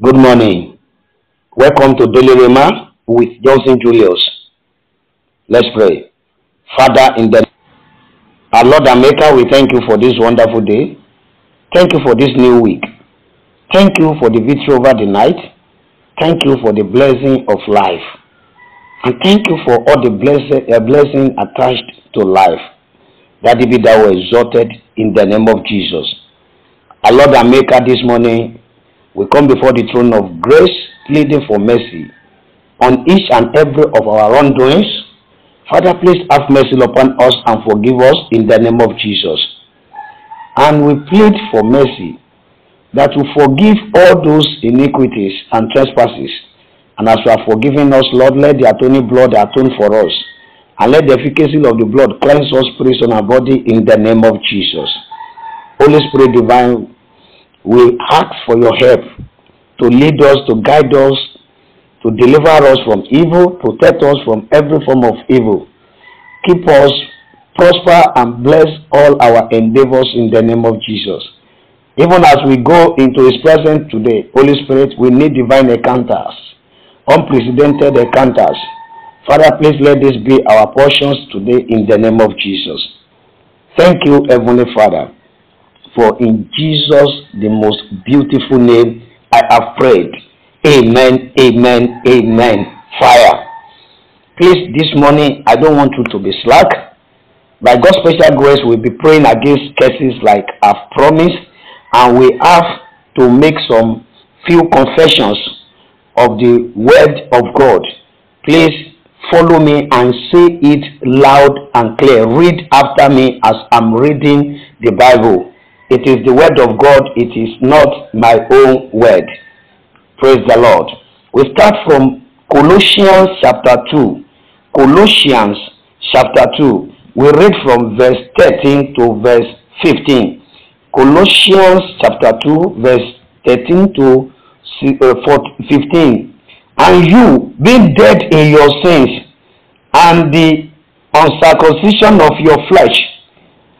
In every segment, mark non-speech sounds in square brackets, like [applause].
Good morning. Welcome to Daily Rema with Johnson Julius. Let's pray. Father, in the our Lord and Maker, we thank you for this wonderful day. Thank you for this new week. Thank you for the victory over the night. Thank you for the blessing of life. And thank you for all the blessing, uh, blessing attached to life. That it be thou exalted in the name of Jesus. Our Lord and Maker, this morning, we come before the throne of grace, pleading for mercy on each and every of our wrongdoings. Father, please have mercy upon us and forgive us in the name of Jesus. And we plead for mercy that you forgive all those iniquities and trespasses. And as you have forgiven us, Lord, let the atoning blood atone for us. And let the efficacy of the blood cleanse us, spirits, and our body in the name of Jesus. Holy Spirit divine, we ask for your help to lead us, to guide us, to deliver us from evil, protect us from every form of evil. Keep us prosper and bless all our endeavors in the name of Jesus. Even as we go into His presence today, Holy Spirit, we need divine encounters, unprecedented encounters. Father, please let this be our portions today in the name of Jesus. Thank you, Heavenly Father. For in Jesus, the most beautiful name, I have prayed. Amen, amen, amen. Fire. Please, this morning, I don't want you to be slack. By God's special grace, we'll be praying against cases like I've promised, and we have to make some few confessions of the word of God. Please follow me and say it loud and clear. Read after me as I'm reading the Bible. It is the word of God. It is not my own word. Praise the Lord. We start from Colossians chapter 2. Colossians chapter 2. We read from verse 13 to verse 15. Colossians chapter 2 verse 13 to uh, 15. And you, being dead in your sins, and the uncircumcision of your flesh,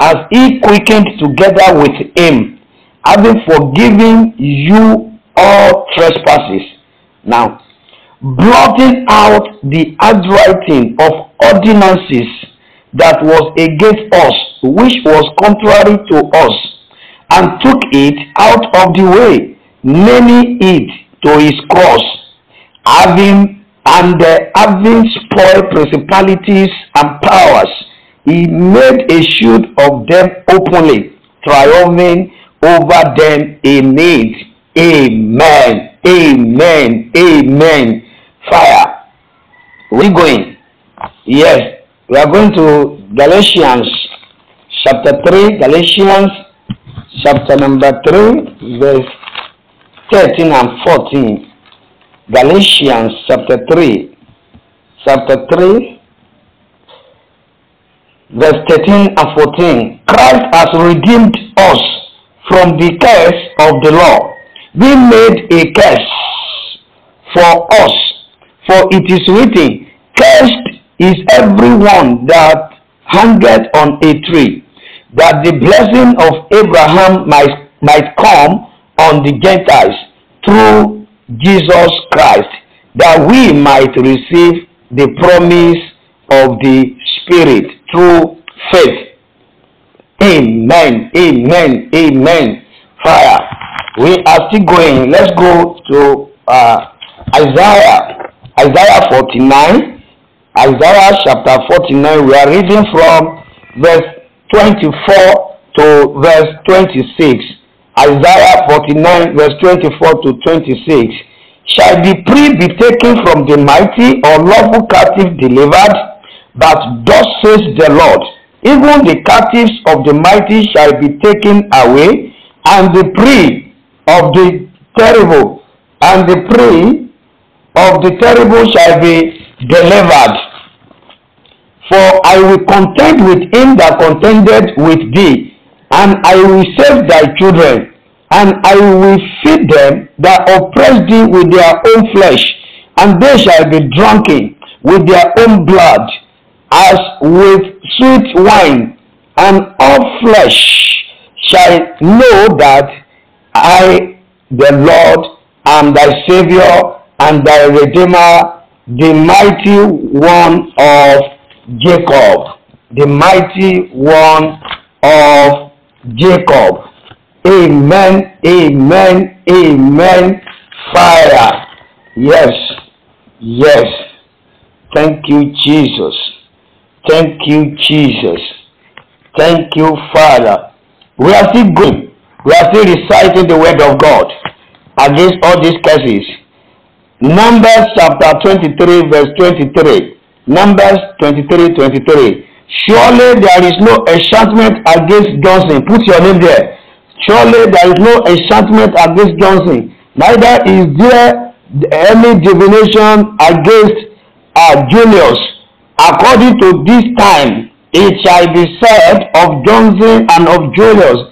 has he quickened together with him, having forgiven you all trespasses. Now, blotting out the handwriting of ordinances that was against us, which was contrary to us, and took it out of the way, naming it to his cross, having and uh, having spoiled principalities and powers he made a shoot of them openly, triumphing over them in it. Amen. Amen. Amen. Fire. We're going. Yes. We are going to Galatians chapter 3. Galatians chapter number 3, verse 13 and 14. Galatians chapter 3. Chapter 3 verse 13 and 14. Christ has redeemed us from the curse of the law, We made a curse for us. For it is written, Cursed is everyone that hangeth on a tree, that the blessing of Abraham might, might come on the Gentiles through Jesus Christ, that we might receive the promise of the Spirit through faith. Amen. Amen. Amen. Fire. We are still going. Let's go to uh, Isaiah. Isaiah 49. Isaiah chapter 49. We are reading from verse 24 to verse 26. Isaiah 49 verse 24 to 26. Shall the prey be taken from the mighty or lawful captive delivered? that thus says the Lord, even the captives of the mighty shall be taken away, and the prey of the terrible, and the prey of the terrible shall be delivered. For I will contend with him that contended with thee, and I will save thy children, and I will feed them that oppress thee with their own flesh, and they shall be drunken with their own blood as with sweet wine, and all flesh shall know that I, the Lord, am thy Savior and thy Redeemer, the mighty one of Jacob. The mighty one of Jacob. Amen, amen, amen. Fire. Yes, yes. Thank you, Jesus. Thank you, Jesus. Thank you, Father. We are still going. We are still reciting the word of God against all these curses. Numbers chapter twenty-three, verse twenty-three. Numbers twenty-three, twenty-three. Surely there is no enchantment against Johnson. Put your name there. Surely there is no enchantment against Johnson. Neither is there any divination against uh, Julius. According to this time, it shall be said of Johnson and of Julius,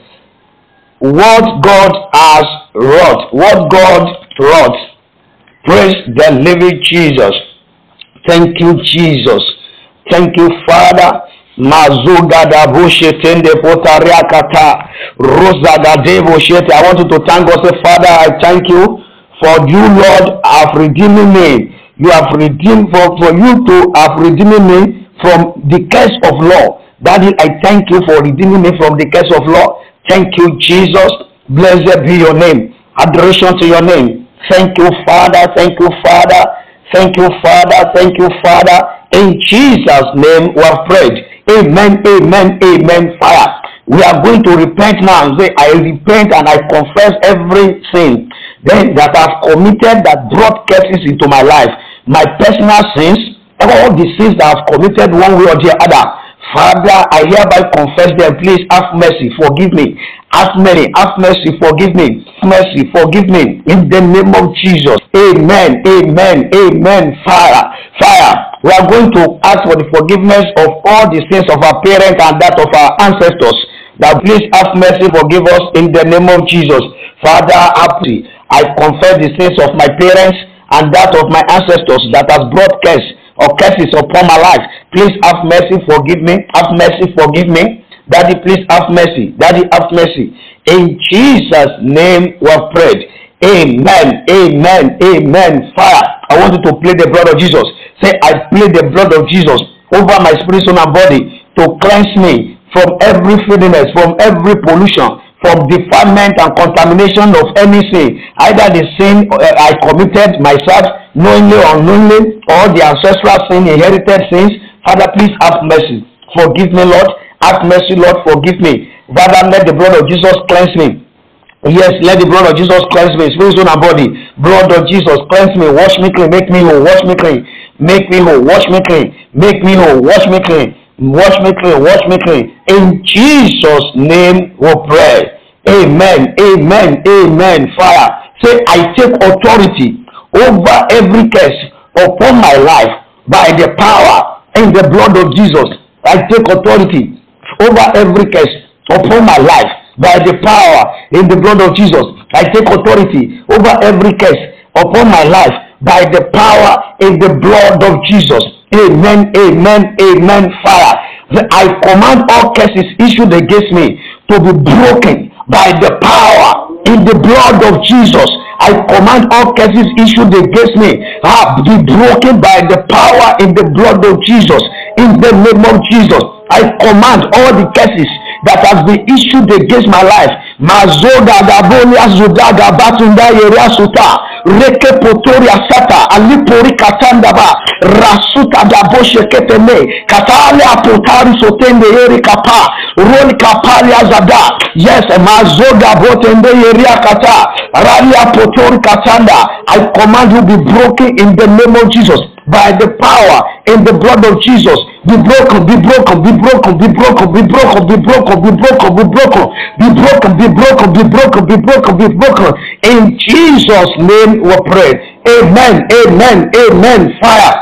what God has wrought, what God wrought. Praise the living Jesus. Thank you, Jesus. Thank you, Father. Mazugada Bushetende Potariakata Rosagadebo Shete. I want you to thank God, say, Father, I thank you for you, Lord, have redeemed me. You have redeemed for, for you to have redeemed me from the curse of law. Daddy, I thank you for redeeming me from the curse of law. Thank you, Jesus. Blessed be your name. Adoration to your name. Thank you, Father. Thank you, Father. Thank you, Father. Thank you, Father. In Jesus' name we have prayed. Amen, amen, amen. Fire. We are going to repent now and say, I repent and I confess every sin then that I've committed that brought curses into my life my personal sins, all the sins that I've committed one way or the other. Father, I hereby confess them. Please have mercy, forgive me. Ask mercy, have mercy, forgive me. mercy, forgive me. In the name of Jesus. Amen, amen, amen. Fire, fire. We are going to ask for the forgiveness of all the sins of our parents and that of our ancestors. Now, please have mercy, forgive us in the name of Jesus. Father, I confess the sins of my parents, and that of my ancestors that has brought curse or curses upon my life. Please have mercy, forgive me. Have mercy, forgive me. Daddy, please have mercy. Daddy, have mercy. In Jesus' name we have prayed. Amen. Amen. Amen. Fire. I want you to play the blood of Jesus. Say, I play the blood of Jesus over my spirit, soul, and body to cleanse me from every filthiness, from every pollution, from defilement and contamination of any sin, either the sin uh, I committed myself knowingly or unknowingly, or the ancestral sin, inherited sins. Father, please have mercy. Forgive me, Lord. Have mercy, Lord. Forgive me. Father, let the blood of Jesus cleanse me. Yes, let the blood of Jesus cleanse me, spirit, soul, and body. Blood of Jesus cleanse me, wash me clean, make me whole, wash me clean, make me whole, wash me clean, make me whole, wash me clean. Watch me clean, watch me clean. In Jesus' name we pray. Amen, amen, amen. Fire. Say, I take authority over every curse upon my life by the power and the blood of Jesus. I take authority over every curse upon my life by the power in the blood of Jesus. I take authority over every curse upon my life by the power in the blood of Jesus. Amen, amen, amen, fire. I command all curses issued against me to be broken by the power in the blood of Jesus. I command all curses issued against me to ah, be broken by the power in the blood of Jesus. In the name of Jesus, I command all the curses that have been issued against my life mazogagaboni azugaga batunda yeriasuta reke potoria sata alipori katandaba rasuta dabosheketene katale apotari sotende yeri kapa roni kapali azada yes mazoga botende yeria kata rali apotori katanda i command you be broken in the name of jesus by the power in the blood of jesus be broken, be broken, be broken, be broken, be broken, be broken, be broken, be broken, be broken, be broken, be broken, be broken, be broken. In Jesus' name we pray. Amen. Amen. Amen. Fire.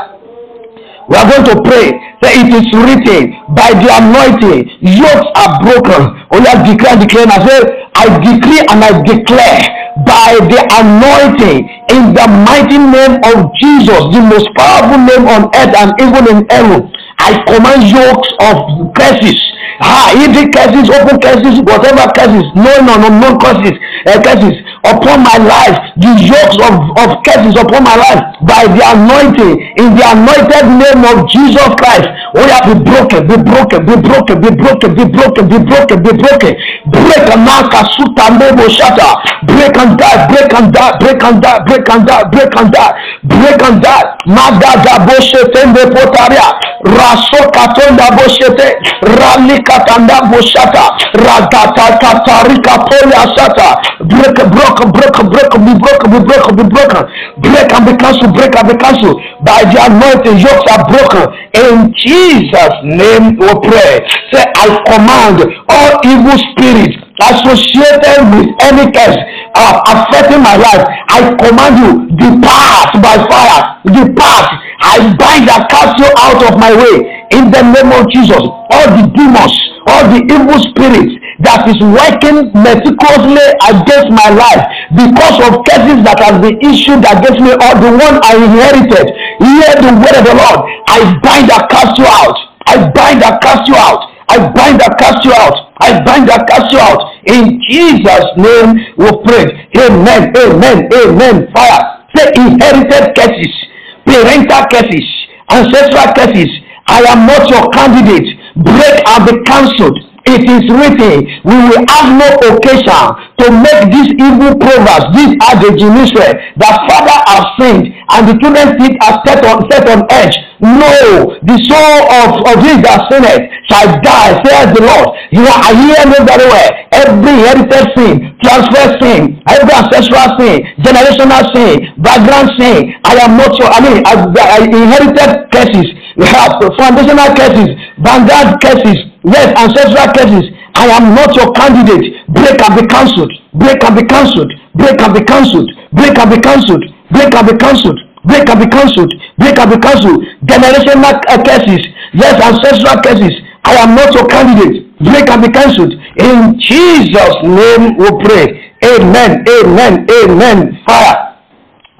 We are going to pray that it is written by the anointing, yokes are broken. Only I declare, declare. I say, I decree and I declare by the anointing in the mighty name of Jesus, the most powerful name on earth and even in heaven. I command yokes of curses. Ah, hidden curses, open curses, whatever curses, known or unknown curses, uh, curses upon my life, the yokes of, of curses upon my life by the anointing, in the anointed name of Jesus Christ. Oh yeah, be broken, be broken, be broken, be broken, be broken, be broken, be broken. Break and mark a and memo shatter. Break and die, break and die, break and die, break and die, break and die, break and die. Magada boshe tende potaria rasokatonda boshete ralikatanda boshata radatatatarikapoyasata break break break break be broke be broke be broken break and be cancelled break and be cancelled by the anointing yokes are broken in jesus name we pray say i command all evil spirits associated with any curse uh, affecting my life i command you depart by fire depart I bind and cast you out of my way in the name of Jesus. All the demons, all the evil spirits that is working meticulously against my life because of curses that has been issued against me or the one I inherited. Hear the word of the Lord. I bind and cast you out. I bind and cast you out. I bind and cast you out. I bind and cast you out. In Jesus' name we pray. Amen. Amen. Amen. Fire. Say inherited curses parental cases, ancestral cases. I am not your candidate. Break and be cancelled. It is written, we will have no occasion to make these evil proverbs, these adage in Israel, that father has sinned and the children's feet are set on, set on edge. No, the soul of, of his that sinneth shall die, says the Lord. You are a hear me very well. Every inherited sin, transfer sin, every ancestral sin, generational sin, background sin. I am not sure. I mean, I, I inherited curses. We [laughs] have foundational curses vanguard cases, red ancestral cases. I am not your candidate break and be cancelled break and be cancelled break and be cancelled break and be cancelled break and be cancelled break and be cancelled break and be cancelled generational uh, curses yes ancestral cases. I am not your candidate break and be cancelled in Jesus name we pray amen amen amen fire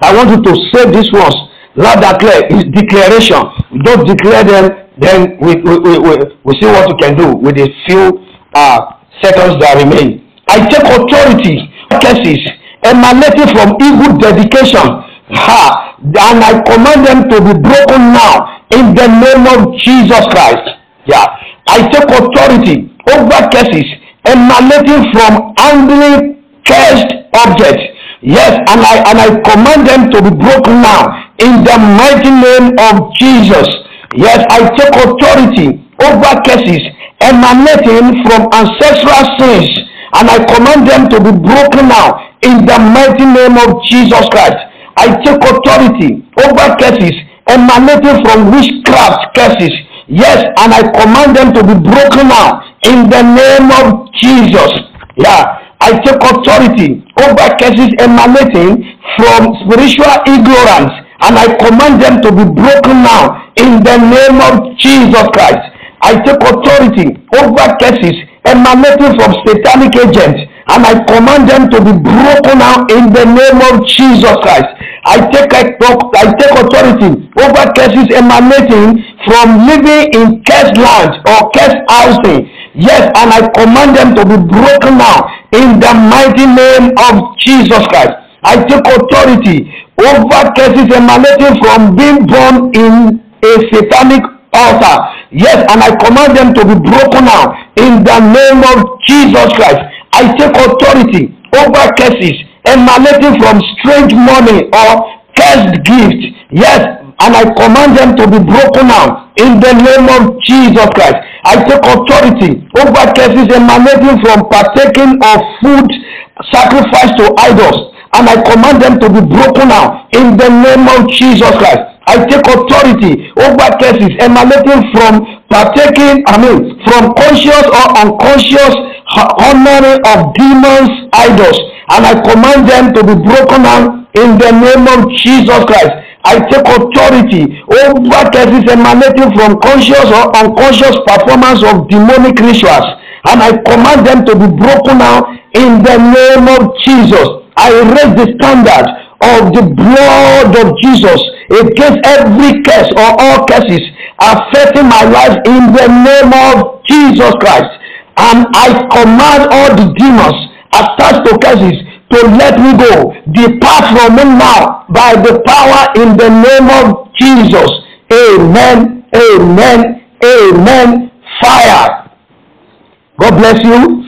I want you to say these words loud and clear is declaration just declare them Then we, we, we, we, see what we can do with the few uh, seconds that remain. I take authority cases emanating from evil dedication ha, and I command them to be broken now in the name of Jesus Christ. Yeah. I take authority over cases emanating from angry cursed objects. Yes, and I and I command them to be broken now in the mighty name of Jesus. Yes, I take authority over curses emanating from ancestral sins, and I command them to be broken now in the mighty name of Jesus Christ. I take authority over curses emanating from witchcraft curses. Yes, and I command them to be broken now in the name of Jesus. Yeah. I take authority over curses emanating from spiritual ignorance and I command them to be broken now in the name of Jesus Christ. I take authority over cases emanating from satanic agents and I command them to be broken now in the name of Jesus Christ. I take, I take authority over cases emanating from living in cursed land or cursed housing. Yes, and I command them to be broken now in the mighty name of Jesus Christ. I take authority over cases emanating from being born in a satanic altar. Yes, and I command them to be broken now in the name of Jesus Christ. I take authority over curses emanating from strange money or cursed gift. Yes, and I command them to be broken now in the name of Jesus Christ. I take authority over cases emanating from partaking of food sacrificed to idols, and I command them to be broken now in the name of Jesus Christ. I take authority over cases emanating from partaking, I mean, from conscious or unconscious honoring of demons, idols, and I command them to be broken down in the name of Jesus Christ. I take authority over cases emanating from conscious or unconscious performance of demonic rituals, and I command them to be broken down in the name of Jesus. I raise the standard of the blood of Jesus against every curse or all curses affecting my life in the name of Jesus Christ. And I command all the demons attached to curses to let me go. Depart from me now by the power in the name of Jesus. Amen. Amen. Amen. Fire. God bless you.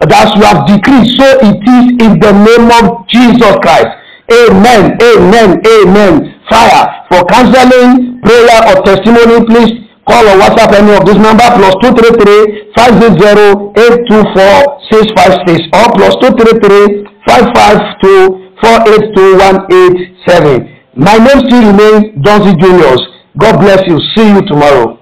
That's you have decreed. So it is in the name of Jesus Christ. Amen. Amen. Amen. fire for counseling prayer or testimony please call or whatsapp any of this number plus two three three five six zero eight two four six five six or plus two three three five five two four eight two one eight seven my name still remains johnson juniors god bless you see you tomorrow.